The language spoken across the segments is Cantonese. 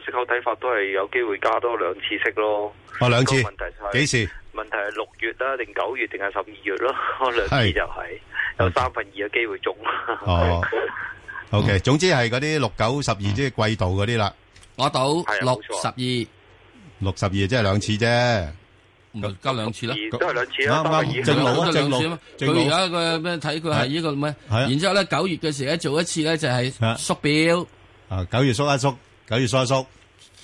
食後睇法都係有機會加多兩次息咯，啊兩次，幾時？問題係六月啦，定九月定係十二月咯，兩次就係有三分二嘅機會中。哦，OK，總之係嗰啲六九十二即係季度嗰啲啦。我賭六十二，六十二即係兩次啫，唔係加兩次咯，都係兩次咯，正六正六，佢而家個咩睇佢係呢個咩？係。然之後咧九月嘅時候咧做一次咧就係縮表，啊九月縮一縮。九月縮一縮，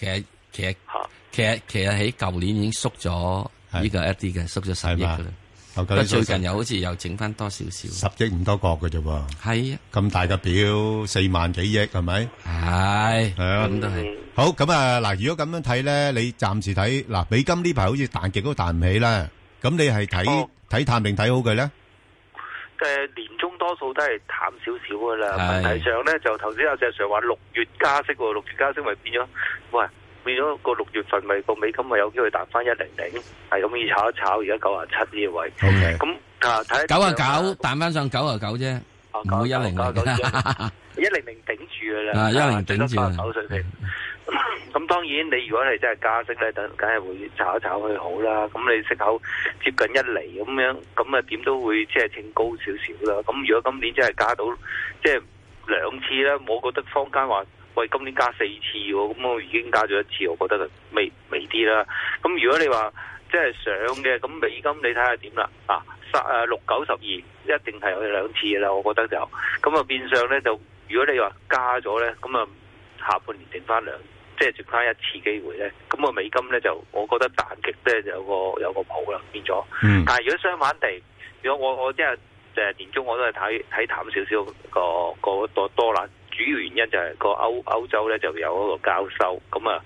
其實其實吓，其實其實喺舊年已經縮咗，呢個一啲嘅縮咗十億噶啦。但係最近又好似又整翻多少少。十億唔多角㗎啫，係啊，咁大個表四萬幾億係咪？係，咁都係。好，咁啊嗱，如果咁樣睇咧，你暫時睇嗱美金呢排好似彈極都彈唔起啦。咁你係睇睇淡定睇好佢咧？年中多數都係淡少少噶啦，是的 問題上呢，就頭先阿鄭常話六月加息喎，六月加息咪變咗，喂變咗個六月份咪個美金咪有機會彈翻一零零，係咁易炒一炒，而家九啊七呢個位。咁 Okay. 啊睇九啊九彈翻上九啊九啫，冇一零九九一零零頂住噶啦，一零零頂住。啊 咁當然，你如果你真係加息咧，等梗係會炒一炒佢好啦。咁你息口接近一厘咁樣，咁啊點都會即係升高少少啦。咁如果今年真係加到即係兩次咧，我覺得坊間話喂今年加四次喎，咁我已經加咗一次，我覺得就微微啲啦。咁如果你話即係上嘅，咁美金你睇下點啦，啊三誒六九十二一定係有兩次嘅啦，我覺得就咁啊變相咧就如果你話加咗咧，咁啊。下半年剩翻兩，即係剩翻一次機會咧。咁啊，美金咧就，我覺得彈極咧就有個有個譜啦，變咗。嗯、但係如果相反地，如果我我即係誒年中我都係睇睇淡少少，個個多多啦。主要原因就係、是、個歐歐洲咧就有嗰個交收，咁啊，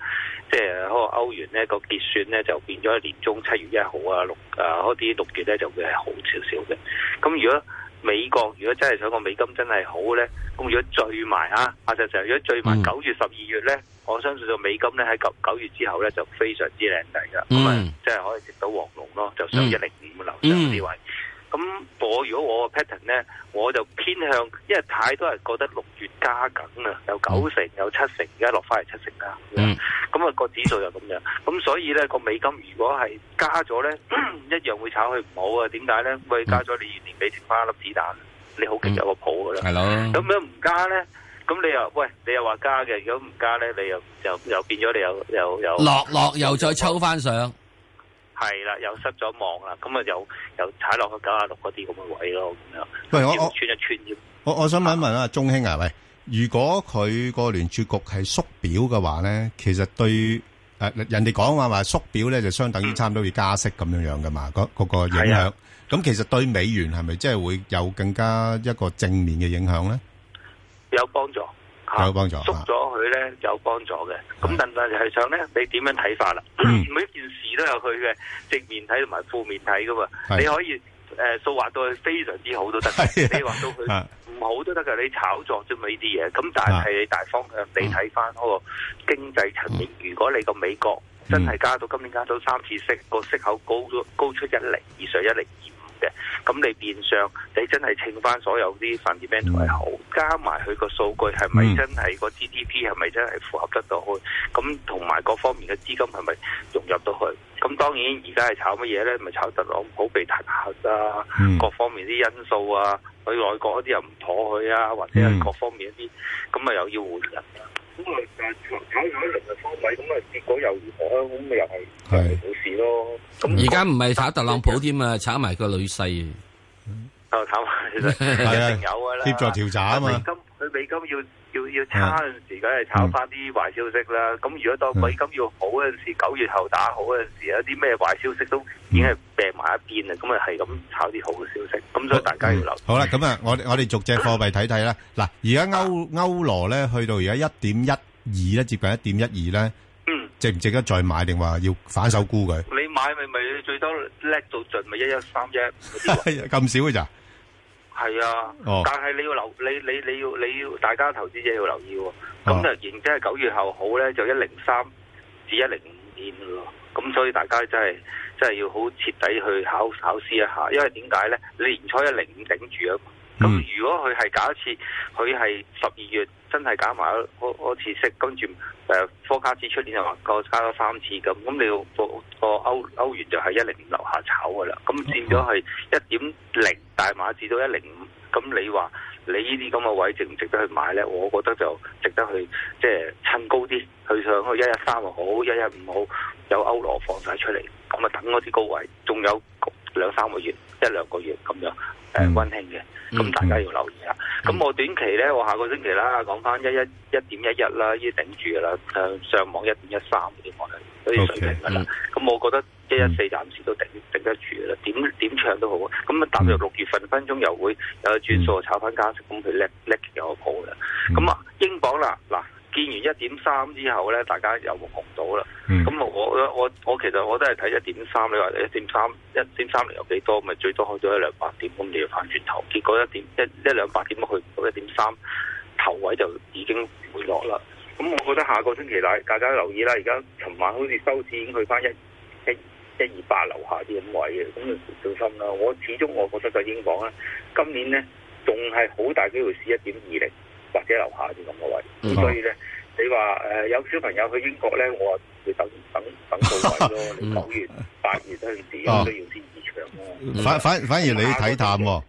即係嗰個歐元咧個結算咧就變咗年中七月一號啊六啊嗰啲六月咧就會係好少少嘅。咁如果美國如果真係想個美金真係好咧，咁如果聚埋啊，阿石石，如果聚埋九、啊、月十二月咧，mm. 我相信個美金咧喺九九月之後咧就非常之靚仔啦，咁啊即係可以食到黃龍咯，就上一零五嘅樓上呢位。Mm. 咁我如果我個 pattern 咧，我就偏向，因為太多人覺得六月加梗啊，有九成有七成，而家落翻嚟七成啦。嗯。咁啊個指數就咁樣，咁所以咧個美金如果係加咗咧，一樣會炒佢唔好啊？點解咧？喂，加咗、嗯、你要年尾剩翻一粒子彈，你好勁有個譜噶啦。係咯、嗯。咁樣唔加咧，咁你又喂，你又話加嘅，如果唔加咧，你又又又變咗你又又又落落又再抽翻上。係啦，又失咗望啦，咁啊又又踩落去九廿六嗰啲咁嘅位咯，咁樣，要穿一穿啫。我我想問一問啊，中興啊，喂，如果佢個聯儲局係縮表嘅話咧，其實對誒人哋講話話縮表咧就相等於差唔多要加息咁樣樣噶嘛，嗰嗰個影響。咁其實對美元係咪即係會有更加一個正面嘅影響咧？有幫助。有幫助，縮咗佢咧有幫助嘅。咁的但係係想咧，你點樣睇法啦？嗯、每一件事都有佢嘅正面睇同埋負面睇噶嘛。的你可以誒、呃、數話到佢非常之好都得，的你話到佢唔好都得㗎。的你炒作啫嘛呢啲嘢。咁但係大方向的你睇翻嗰個經濟層面，嗯、如果你個美國真係加到今年加到三次息，個息口高高出一釐以上一釐二。嘅，咁你變相你真係稱翻所有啲 financial 係好，加埋佢個數據係咪真係個 GDP 係咪真係符合得到去？咁同埋各方面嘅資金係咪融入到去？咁當然而家係炒乜嘢咧？咪炒特朗普被彈劾啊，嗯、各方面啲因素啊，內閣去外國嗰啲又唔妥佢啊，或者係各方面一啲，咁啊、嗯、又要換人。咁啊，就炒咗一輪嘅倉位，咁啊，結果又如何咧？咁咪又係係冇事咯。咁而家唔係炒特朗普添啊，炒埋個女婿。啊，炒埋係啊，有噶啦，協助調查啊嘛。美金，佢美金要。要要差嗰陣時，梗係炒翻啲壞消息啦。咁、嗯、如果當美金要好嗰陣時，九、嗯、月後打好嗰陣時，有啲咩壞消息都已經係病埋一邊啊。咁啊、嗯，係咁炒啲好嘅消息。咁所以大家要留意。好啦，咁、嗯、 啊，我我哋逐隻貨幣睇睇啦。嗱，而家歐歐羅咧，去到而家一點一二咧，接近一點一二咧。嗯，值唔值得再買？定話要反手沽佢 ？你買咪咪最多叻到盡咪一一三一？咁、就是、 少嘅咋？係啊，哦、但係你要留，你你你要你要大家投資者要留意喎、哦。咁突、哦、然之間九月後好呢，就一零三至一零五年咯。咁所以大家真係真係要好徹底去考考試一下，因為點解呢？你年初一零五頂住啊。咁、嗯、如果佢係假設佢係十二月真係搞埋嗰嗰次息，跟住誒貨卡只出年又話加咗三次咁，咁你個、個歐歐元就係一零五樓下炒㗎啦。咁變咗係一點零大碼至到一零五，咁你話你呢啲咁嘅位值唔值得去買呢？我覺得就值得去，即係趁高啲去上去，一一三又好，一一五好，有歐羅放曬出嚟，咁啊等嗰啲高位，仲有兩三個月。一兩個月咁樣誒溫、呃嗯、馨嘅，咁大家要留意啊！咁、嗯、我短期咧，我下個星期啦，講翻一一一點一一啦，已經頂住噶啦，上上網一點一三嗰啲可能所以水平噶啦。咁、okay, 嗯、我覺得一一四暫時都頂頂得住嘅啦，點點唱都好，咁啊，等到六月份分鐘又會有轉數，嗯、炒翻加息，咁佢叻叻又好啦。咁啊、嗯，英鎊啦嗱。見完一點三之後呢，大家又望唔到啦。咁、嗯、我我我我其實我都係睇一點三，你話一點三一點三零有幾多？咪最多開到一兩百點，咁你要反轉頭。結果一點一一兩百點去到一點三，頭位就已經回落啦。咁 我覺得下個星期大，大家留意啦。而家尋晚好似收市已經去翻一一一二八樓下啲咁位嘅，咁小心啦。我始終我覺得就應講啦，今年呢仲係好大機會試一點二零。或者樓下啲咁嘅位，咁所以咧，你話，誒，有小朋友去英國咧，我要等等等到位咯。你講完八月都唔掂，都要先延長咯。反反反而你睇淡喎，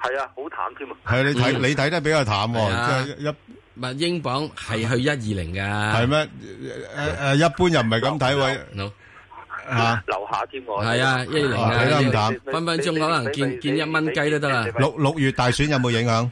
係啊，好淡添啊。係你睇你睇得比較淡啊，一唔係英鎊係去一二零㗎，係咩？誒誒，一般人唔係咁睇位，吓，樓下添喎，係啊，一二零睇得咁淡，分分鐘可能見見一蚊雞都得啦。六六月大選有冇影響？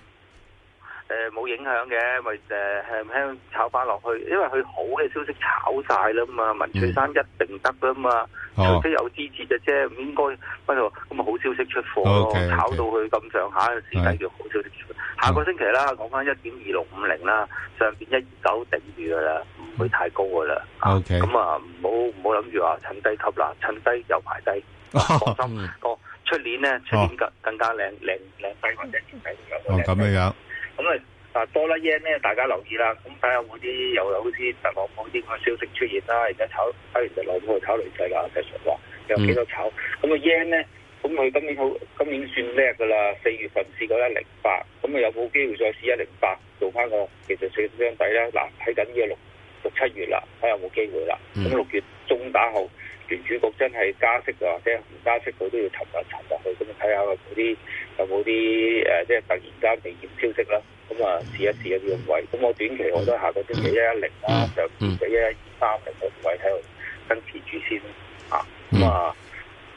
誒，冇影響嘅，咪誒輕輕炒翻落去，因為佢好嘅消息炒晒啦嘛，文翠山一定得啦嘛，嗯、除非有支持嘅啫，唔應該，不過咁啊好消息出貨咯，okay, okay. 炒到佢咁上下，市底叫好消息出，Okay. 下個星期啦，講翻一點二六五零啦，上邊一二九頂住噶啦，唔會太高噶啦，咁 Okay. 啊唔好唔好諗住話趁低吸啦，趁低又排低，放心哥，出笑呵、嗯啊、年咧出年更更加靚靚靚低運嘅，咁 樣樣。咁啊，嗱、嗯、多啦 yen 咧，大家留意啦。咁睇下有冇啲又有好似特朗普啲個消息出現啦。而家炒睇完就留，唔去炒女仔啦，繼續話有幾多炒。咁個 yen 咧，咁佢今年好，今年算叻噶啦。四月份試過一零八，咁啊有冇機會再試一零八做翻個？其實四張底咧，嗱睇緊呢個六六七月啦，睇下有冇機會啦。咁六月中打後聯儲局真係加息啊，或者唔加息佢都要沉落、啊、沉落去，咁啊睇下嗰啲有冇啲誒，即係突然間被驗消息啦，咁啊試一試一啲位，咁我短期我都下到星期一一零啦，就幾一一三零嗰啲位喺度跟持住先啊，咁啊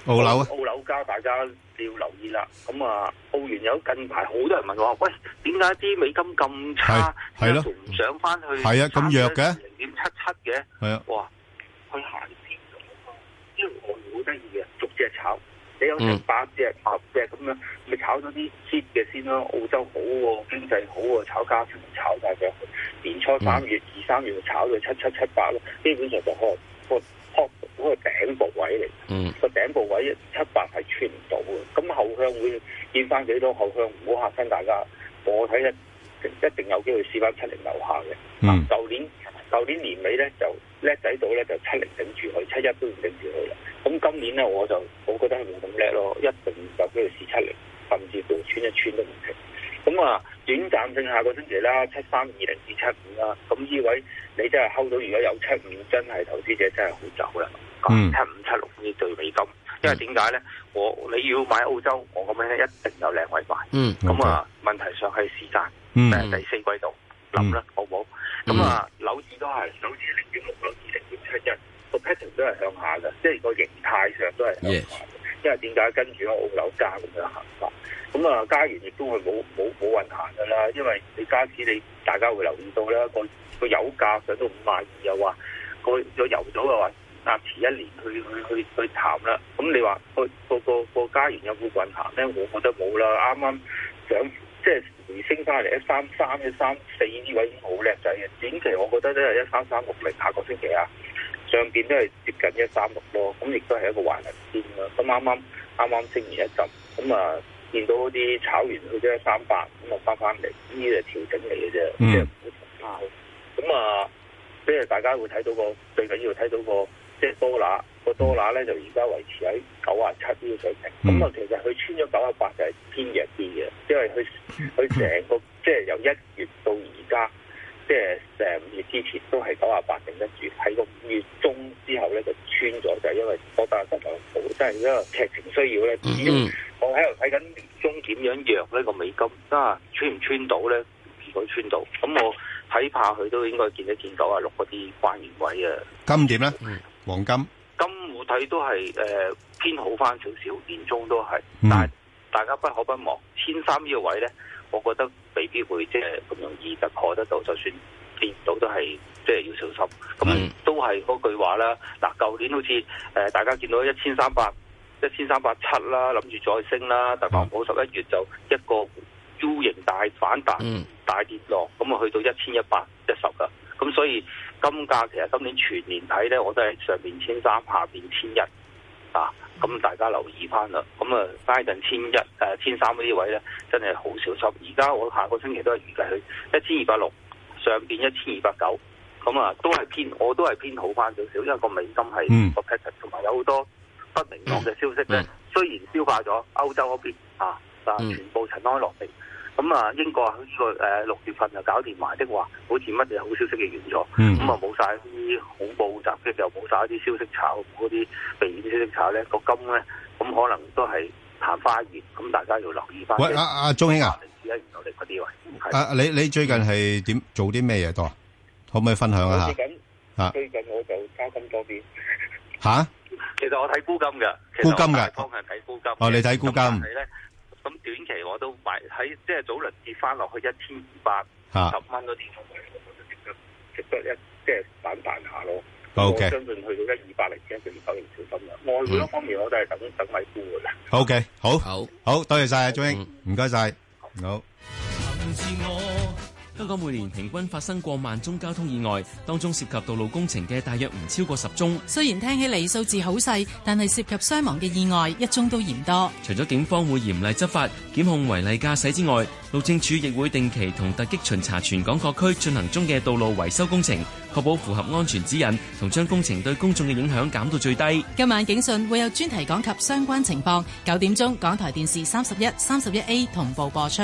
澳樓啊，澳樓價、啊、大家要留意啦，咁、嗯、啊澳元有近排好多人問我喂，點解啲美金咁差？係，係咯，仲上翻去的，係啊，咁弱嘅，零點七七嘅，係啊，哇，去行。 俄元好得意嘅，逐隻炒，你有成八隻、八隻咁樣，咪炒咗啲 cheap 嘅先咯。澳洲好喎，經濟好喎，炒價同炒曬嘅。年初三月、二三月就炒到七七七八咯，基本上就開個 top，嗰個頂部位嚟。嗯，個頂部位七八係穿唔到嘅。咁後向會見翻幾多？後向唔好嚇親大家。我睇嘅。一定有機會試翻七零樓下嘅，嗱、嗯，舊年舊年年尾咧就叻仔到咧就七零頂住去，七一都唔頂住去啦。咁今年咧我就我覺得係冇咁叻咯，一定有機會試七零，甚至部穿一穿都唔停。咁啊，短暫性下個星期啦，七三二零至七五啦。咁呢位你真係 hold 到，如果有七五真係投資者真係好走啦。嗯，七五七六呢對美金。Mm hmm. 因為點解咧？我你要買澳洲，我咁樣咧一定有靚位賣。嗯、mm，咁啊，問題上係時間，誒、mm，hmm. 第四季度諗啦，好唔好？咁、mm hmm. 啊，樓市都係，樓市連跌六日，連跌七日，個 pattern 都係向下嘅，即係個形態上都係向下。因為點解跟住個澳樓價咁樣行法？咁啊，加完亦都係冇冇冇運行噶啦，因為你加紙你大家會留意到啦，個個油價上到五萬二又話，個有油咗嘅話。啊！遲一年去去去去談啦。咁、嗯、你話個個個家園有冇運行咧？我覺得冇啦。啱啱想，即、就、係、回、升翻嚟一三三一三四呢位已經好叻仔嘅。短期我覺得咧，一三三六零，下個星期啊，上邊都係接近一三六咯。咁亦都係一個橫行線啦。咁啱啱啱啱升完一陣，咁啊見到啲炒完去咗一三八，咁啊翻翻嚟呢就調整嚟嘅啫。即嗯。啊、嗯。咁啊、嗯，即係大家會睇到個最緊要睇到個。即係多拿個多拿咧，就而家維持喺九啊七呢個水平。咁啊，其實佢穿咗九啊八就係偏弱啲嘅，因為佢佢成個即係由一月到而家，即係成五月之前都係九啊八定一月，喺個五月中之後咧就穿咗，就係因為個大勢唔好，即係因為劇情需要咧。我喺度睇緊年中點樣弱呢個美金，即係穿唔穿到咧？如果穿到，咁我睇怕佢都應該見一見九啊六嗰啲關鍵位啊。金點咧？黃金金我睇都係誒偏好翻少少，年中都係，嗯、但係大家不可不忘千三呢個位咧，我覺得未必會即係咁容易突破得到，就算跌到都係即係要小心。咁、嗯、都係嗰句話啦。嗱、呃，舊年好似誒、呃、大家見到一千三百一千三百七啦，諗住再升啦，特朗普十一月就一個 U 型大反彈，嗯、大跌落，咁啊去到一千一百一十噶，咁所以。金價其實今年全年睇咧，我都係上邊千三，下邊千一啊！咁大家留意翻啦，咁、嗯、啊，翻緊千一、誒千三呢啲位咧，真係好少收。而家我下個星期都係預計去一千二百六，上邊一千二百九，咁啊都係偏，我都係偏好翻少少，因為個美金係個 pattern，同埋有好多不明朗嘅消息咧，嗯、雖然消化咗歐洲嗰邊啊，啊全部塵埃落定。嗯嗯。咁啊，英國喺呢個誒六月份就搞掂埋的話，好似乜嘢好消息嘅元素，咁啊冇晒啲恐怖襲擊，又冇晒啲消息炒嗰啲避險消息炒咧，個金咧咁可能都係曇花一現，咁大家要留意返。喂，阿阿鐘兄啊，只喺啲位。啊，啊啊啊啊你你最近係點做啲咩嘢多啊？可唔可以分享一下？最近啊，最近我就加金多啲。嚇！其實我睇沽金嘅，沽金嘅方向睇沽金。哦，你睇沽金。咁短期我都買喺，即係早輪跌翻落去一千二百十蚊嗰啲，我覺得值得，值得一即係反彈下咯。O K，相信去到 1, 一二百零千就要小心啦。外匯方面，我都係等、嗯、等尾盤㗎。O、okay, K，好，好好，好，多謝晒啊，鍾英，唔該曬，謝謝好。好。香港每年平均發生過萬宗交通意外，當中涉及道路工程嘅大約唔超過十宗。雖然聽起嚟數字好細，但係涉及傷亡嘅意外一宗都嫌多。除咗警方會嚴厲執法、檢控違例駕駛之外，路政署亦會定期同突擊巡查全港各區進行中嘅道路維修工程，確保符合安全指引，同將工程對公眾嘅影響減到最低。今晚警訊會有專題講及相關情況，九點鐘港台電視三十一、三十一 A 同步播出。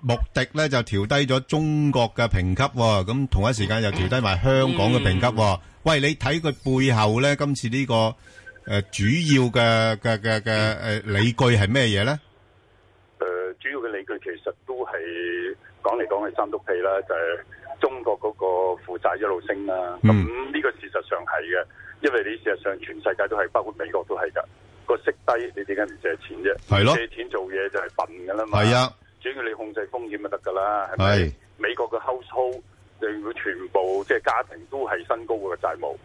目的咧就調低咗中國嘅評級、哦，咁同一時間又調低埋香港嘅評級、哦。嗯、喂，你睇佢背後咧，今次呢、這個誒主要嘅嘅嘅嘅，誒理據係咩嘢咧？誒、呃，主要嘅理、呃、理據其實都係講嚟講去，講講三篤屁啦，就係、是、中國嗰個負債一路升啦。咁呢、嗯、個事實上係嘅，因為你事實上全世界都係，包括美國都係噶，個息低，你點解唔借錢啫？係咯，借錢做嘢就係笨噶啦嘛。係啊。只要你控制風險就得噶啦，係咪？啊、美國嘅 household 就會全部即係、就是、家庭都係新高嘅債務，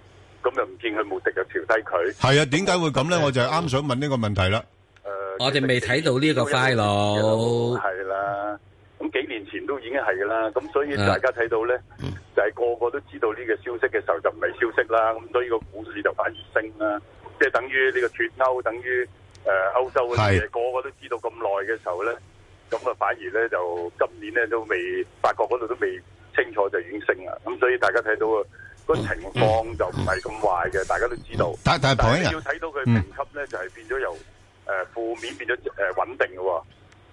咁又唔見佢冇食就調低佢。係啊，點解會咁咧？嗯、我就係啱想問呢個問題啦。誒、呃，我哋未睇到呢個 file、啊。係、嗯、啦，咁幾年前都已經係噶啦，咁所以大家睇到咧，就係、是、個個都知道呢個消息嘅時候就唔係消息啦，咁所以個股市就反而升啦。即係等於呢個脱歐，等於誒、呃、歐洲嗰啲嘢，是個個都知道咁耐嘅時候咧。咁啊，反而咧就今年咧都未發覺嗰度都未清楚，就已經升啦。咁所以大家睇到個情況就唔係咁壞嘅，大家都知道。但但係你要睇到佢評級咧，就係變咗由誒負面變咗誒穩定嘅喎。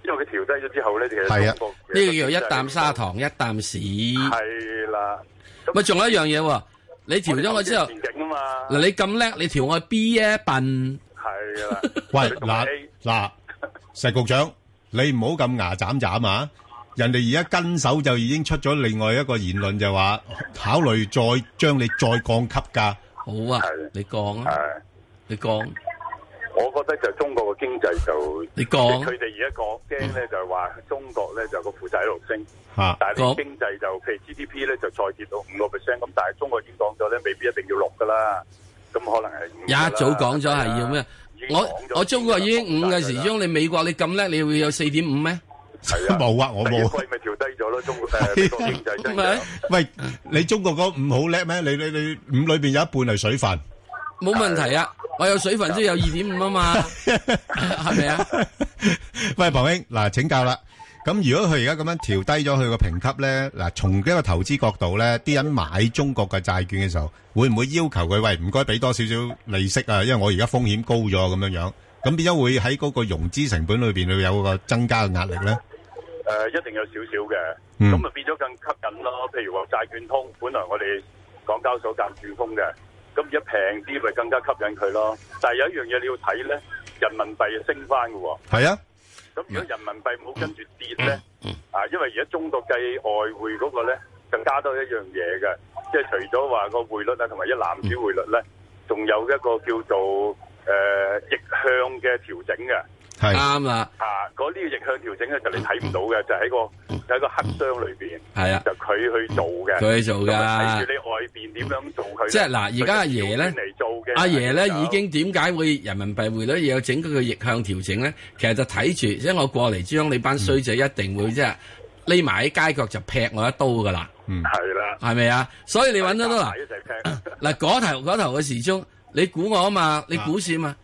因為佢調低咗之後咧，其實係同步呢個叫做一啖砂糖一啖屎。係啦。咪仲有一樣嘢喎？你調咗我之後，嗱你咁叻，你調我 B 啊笨。係啦。喂嗱嗱石局長。你唔好咁牙斬斬啊！人哋而家跟手就已經出咗另外一個言論，就話考慮再將你再降級噶好啊，的你講啊，的你講說。我覺得就中國嘅經濟就你講說，佢哋而家講驚咧就係話中國咧就個負債喺度升，啊、但係個經濟就譬如 GDP 咧就再跌到五個 percent 咁，但係中國已經講咗咧，未必一定要六噶啦，咁可能係一早講咗係要咩？我我中國已經五嘅時鐘，啊、你美國你咁叻，你會有四點五咩？冇 啊，我冇。咪調低咗咯，中國經濟喂， 你中國嗰五好叻咩？你你你五裏邊有一半係水分。冇、啊、問題啊，我有水分先有二點五啊嘛，係咪 啊？啊 喂，龐兄，嗱，請教啦。咁如果佢而家咁樣調低咗佢個評級呢，嗱，從呢個投資角度呢，啲人買中國嘅債券嘅時候，會唔會要求佢，喂，唔該俾多少少利息啊？因為我而家風險高咗咁樣樣，咁變咗會喺嗰個融資成本裏邊會有個增加嘅壓力呢？誒，一定有少少嘅，咁就變咗更吸引咯。譬如話債券通，本來我哋港交所夾住通嘅，咁而家平啲，咪更加吸引佢咯。但係有一樣嘢你要睇呢，人民幣升翻嘅喎。係啊。咁如果人民幣唔好跟住跌咧，啊，因為而家中國計外匯嗰個咧，更加多一樣嘢嘅，即係除咗話個匯率啊，同埋一籃子匯率咧，仲有一個叫做誒、呃、逆向嘅調整嘅。係啱啦，啊，嗰啲逆向調整咧，就你睇唔到嘅，就喺個喺個黑箱裏邊。係啊，就佢去做嘅，佢去做噶，睇住你外邊點樣做佢。即係嗱，而家阿爺咧，阿爺咧已經點解會人民幣匯率又有整嗰個逆向調整咧？其實就睇住，即係我過嚟將你班衰仔一定會即係匿埋喺街角就劈我一刀噶啦。嗯，係啦，係咪啊？所以你揾得到嗱嗰頭嗰頭嘅時鐘，你估我啊嘛？你估先啊嘛？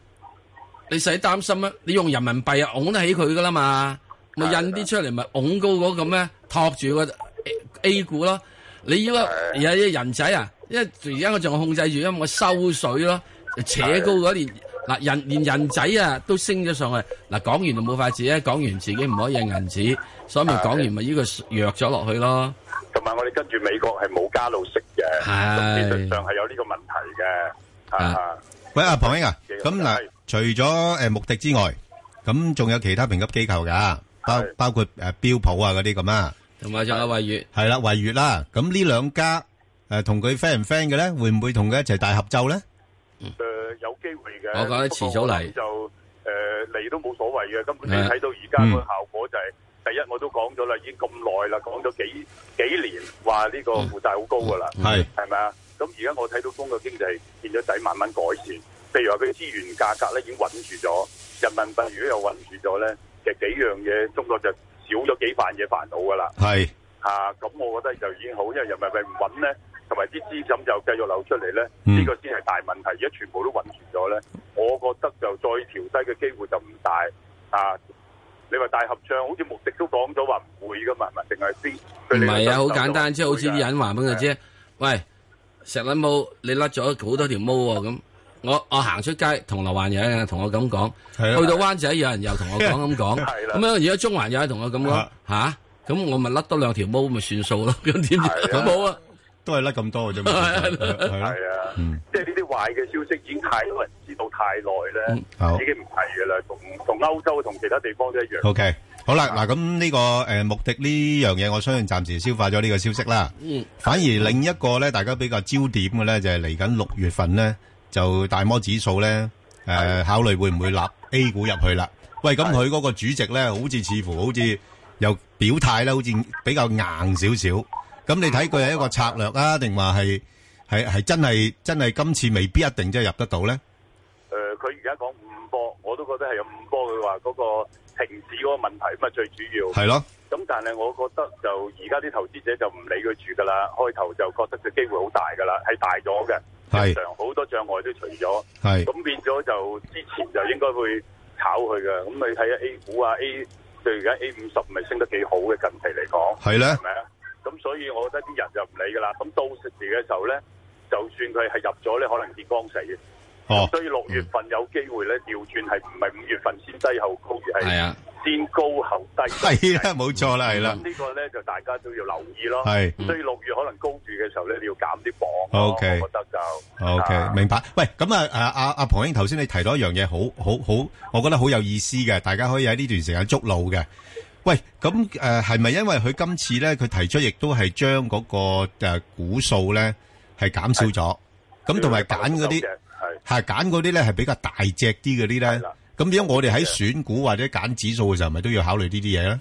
你使擔心啊？你用人民幣啊，拱得起佢噶啦嘛，咪的印啲出嚟咪拱高嗰個咩，托住個 A, A 股咯。你要啊，有啲的人仔啊，因為而家我仲控制住，因為我收水咯，扯高嗰啲嗱人，連人仔啊都升咗上去。嗱講完就冇法子，講完自己唔可以印銀紙，所以咪講完咪呢個弱咗落去咯。同埋我哋跟住美國係冇加路食嘅，技術上係有呢個問題嘅的的。啊，喂阿龐兄啊，咁嗱。嗯除咗誒穆迪之外，咁仲有其他評級機構噶，包包括誒標普啊嗰啲咁啊。同埋就阿惠譽係啦，惠譽啦。咁呢兩家誒同佢 friend 唔 friend 嘅咧，會唔會同佢一齊大合奏咧？誒，有機會嘅。我覺得遲早嚟，就誒嚟都冇所謂嘅。根本你睇到而家個效果就係第一，我都講咗啦，已經咁耐啦，講咗幾幾年話呢個負債好高噶啦。係係咪啊？咁而家我睇到中國經濟變咗仔，慢慢改善。譬如話佢資源價格咧已經穩住咗，人民幣如果又穩住咗咧，其實幾樣嘢中國就少咗幾萬嘢煩惱噶啦。係吓是，咁、啊、我覺得就已經好，因為人民幣唔穩咧，同埋啲資金就繼續流出嚟咧，呢、這個先係大問題。而家全部都穩住咗咧，嗯、我覺得就再調低嘅機會就唔大啊！你話大合唱，好似穆迪都講咗話唔會噶嘛，唔係淨係先唔係啊？好簡單，即係好似啲人話畀佢知：的「喂，石麟帽，你甩咗好多條毛啊咁。我我行出街，同樓環有人同我咁講，去到灣仔有人又同我講咁講，咁咧而家中環又有人同我咁講嚇，咁我咪甩多兩條毛咪算數咯。咁點？咁好啊，都係甩咁多嘅啫。係啊，即係呢啲壞嘅消息已經太多人知道太耐咧，已經唔係嘅啦。同同歐洲同其他地方都一樣。O K，好啦，嗱咁呢個誒穆迪呢樣嘢，我相信暫時消化咗呢個消息啦，反而另一個咧，大家比較焦點嘅咧，就係嚟緊六月份咧。就大摩指數咧，誒，考慮會唔會立 A 股入去啦？喂，咁佢嗰個主席咧，好似似乎好似又表態咧，好似比較硬少少。咁你睇佢係一個策略啊，定話係係係真係真係今次未必一定即係入得到咧？誒，佢而家講五波，我都覺得係有五波。佢話嗰個停止嗰個問題咁啊，最主要係咯。咁但係我覺得就而家啲投資者就唔理佢住噶啦，開頭就覺得佢機會好大噶啦，係大咗嘅。係，好多障礙都除咗，係是，咁變咗就之前就應該會炒佢嘅，咁你睇下 A 股啊，A 即而家 A 五十咪升得幾好嘅近期嚟講，係咧呢，係咪啊？咁所以我覺得啲人就唔理㗎啦，咁到時嘅時候咧，就算佢係入咗咧，可能見光死嘅。哦，所以六月份有機會咧調轉，係唔係五月份先低後高，而係先高後低？係啦，冇錯啦，係啦。咁呢個咧就大家都要留意咯。係，所以六月可能高住嘅時候咧，你要減啲磅。O K，覺得就 O K，明白。喂，咁啊，阿阿阿龐英頭先你提到一樣嘢，好好好，我覺得好有意思嘅，大家可以喺呢段時間捉路嘅。喂，咁誒係咪因為佢今次咧佢提出亦都係將嗰個誒估數咧係減少咗，咁同埋揀嗰啲。係揀嗰啲咧，係比較大隻啲嗰啲咧。咁點解我哋喺選股或者揀指數嘅時候，咪都要考慮呢啲嘢咧？誒、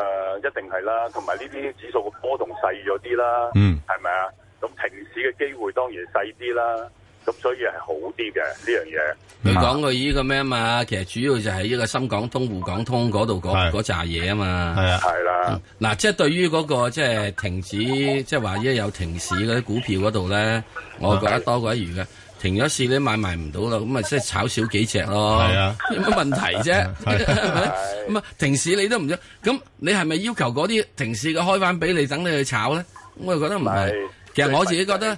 呃，一定係啦，同埋呢啲指數嘅波動細咗啲啦。嗯，係咪啊？咁停市嘅機會當然細啲啦。咁所以係好啲嘅呢樣嘢。佢講佢呢個咩啊嘛？其實主要就係呢個深港通、滬港通嗰度嗰嗰扎嘢啊嘛。係、嗯、啊，係啦。嗱，即係對於嗰個即係停止，即係話而家有停市嗰啲股票嗰度咧，我覺得多過一倍嘅。停咗市你買賣唔到啦，咁咪即係炒少幾隻咯，啊、有乜問題啫？咁 啊是是停市你都唔想，咁你係咪要求嗰啲停市嘅開翻俾你等你去炒咧？啊、我又覺得唔係，啊、其實我自己覺得。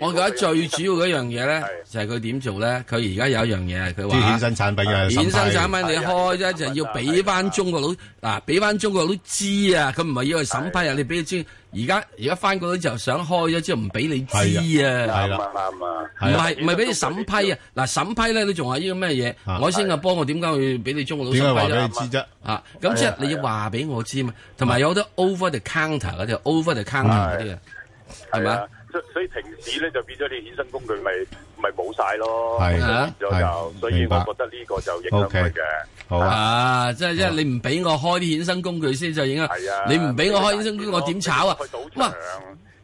我覺得最主要一樣嘢咧，就係佢點做咧？佢而家有一樣嘢，佢話衍生產品嘅衍生產品，你開啫，就要俾翻中國佬嗱，俾翻中國佬知啊！佢唔係要去審批啊！你俾佢知，而家而家翻嗰啲就係想開咗之後唔俾你知啊！啱啊啱啊！唔係唔係俾你審批啊！嗱審批咧，你仲話呢個咩嘢？我先啊幫我點解要俾你中國佬審批你啫？啊咁即係你要話俾我知嘛？同埋有好多 over the counter 啲，over the counter 嗰啲啊，係咪？所以停市咧就變咗啲衍生工具咪咪冇晒咯，咁就所以我覺得呢個就 OK 嘅。好啊，即係即係你唔俾我開啲衍生工具先就影啊。係啊，你唔俾我開衍生工具我點炒啊？哇，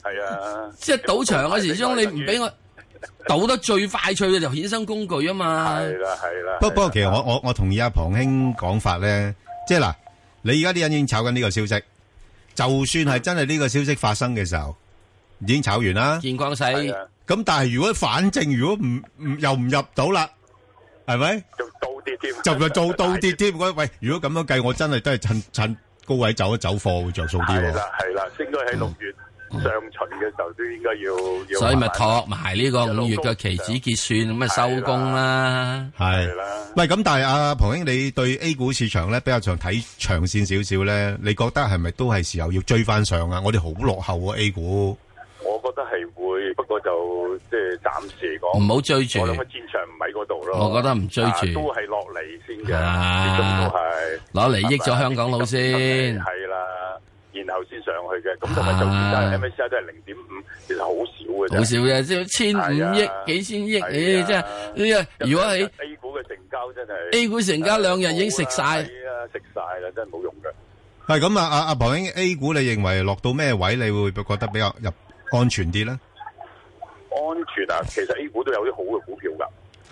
係啊，即係賭場嗰時，始終你唔俾我賭得最快脆嘅就衍生工具啊嘛。係啦係啦。不不過其實我我我同意阿龐兄講法咧，即係嗱，你而家啲人已經炒緊呢個消息，就算係真係呢個消息發生嘅時候。已經炒完啦，見光死。咁但係如果反正如果唔唔又唔入到啦，係咪做到啲添？就就做到啲添。喂，如果咁樣計，我真係都係趁趁高位走一走貨會着數啲。係啦，係應該喺六月上旬嘅時候都、嗯嗯、應該要。要慢慢，所以咪托埋呢個五月嘅期指結算，咁咪的收工啦。係啦。喂，咁但係阿龐兄，你對 A 股市場咧，比較上睇長線少少咧，你覺得係咪都係時候要追翻上啊？我哋好落後啊，A 股。覺得係會，不過就即係暫時嚟講，唔好追住我兩個戰場唔喺嗰度咯。我覺得唔追住，都係落嚟先嘅，呢個係攞嚟益咗香港佬先，係啦，然後先上去嘅。咁同埋就而家 MSCI 都係零點五，其實好少嘅，好少嘅，即係千五億、幾千億，誒，真係呢？如果喺 A 股嘅成交真係 A 股成交兩日已經食晒，係啊，食晒啦，真係冇用㗎。係咁啊，阿阿彭英，A 股你認為落到咩位你會覺得比較入？安全啲咧？安全啊！其實 A 股都有啲好嘅股票噶，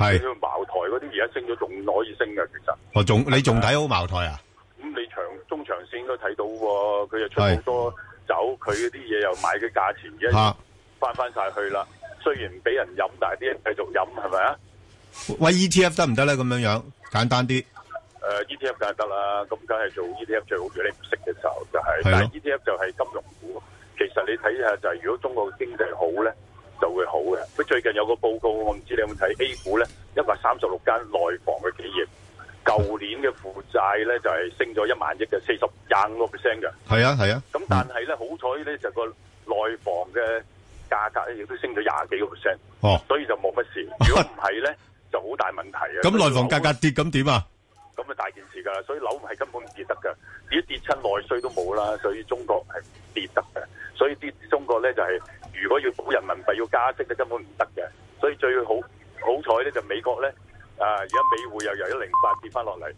係，係茅台嗰啲而家升咗仲可以升噶，其實。我仲、哦、你仲睇好茅台啊？咁、嗯、你長中長線都睇到、啊，佢又出好多酒，佢啲嘢又買嘅價錢而家翻翻晒去啦。啊、雖然俾人飲，但係啲人繼續飲，係咪啊？喂，ETF 得唔得咧？咁樣樣簡單啲。誒、呃，ETF 梗係得啦，咁梗係做 ETF 最好。如果你唔識嘅時候、就係，啊、但就係。係 ETF 就係金融。你睇下就係如果中國嘅經濟好咧，就會好嘅。佢最近有個報告，我唔知你有冇睇 A 股咧，一百三十六間內房嘅企業，舊年嘅負債咧就係、是、升咗一萬億嘅四十廿個 percent 嘅。係啊係啊。咁、啊嗯、但係咧好彩咧就個內房嘅價格咧亦都升咗廿幾個 percent。哦。所以就冇乜事。如果唔係咧就好大問題啊。咁內房價格跌咁點啊？咁啊大件事噶，所以樓唔係根本唔跌得噶。如果跌親內需都冇啦，所以中國。.個咧就係如果要保人民幣要加息咧，根本唔得嘅。所以最好好彩咧，就美國咧，啊而家美匯又由一零八跌翻落嚟。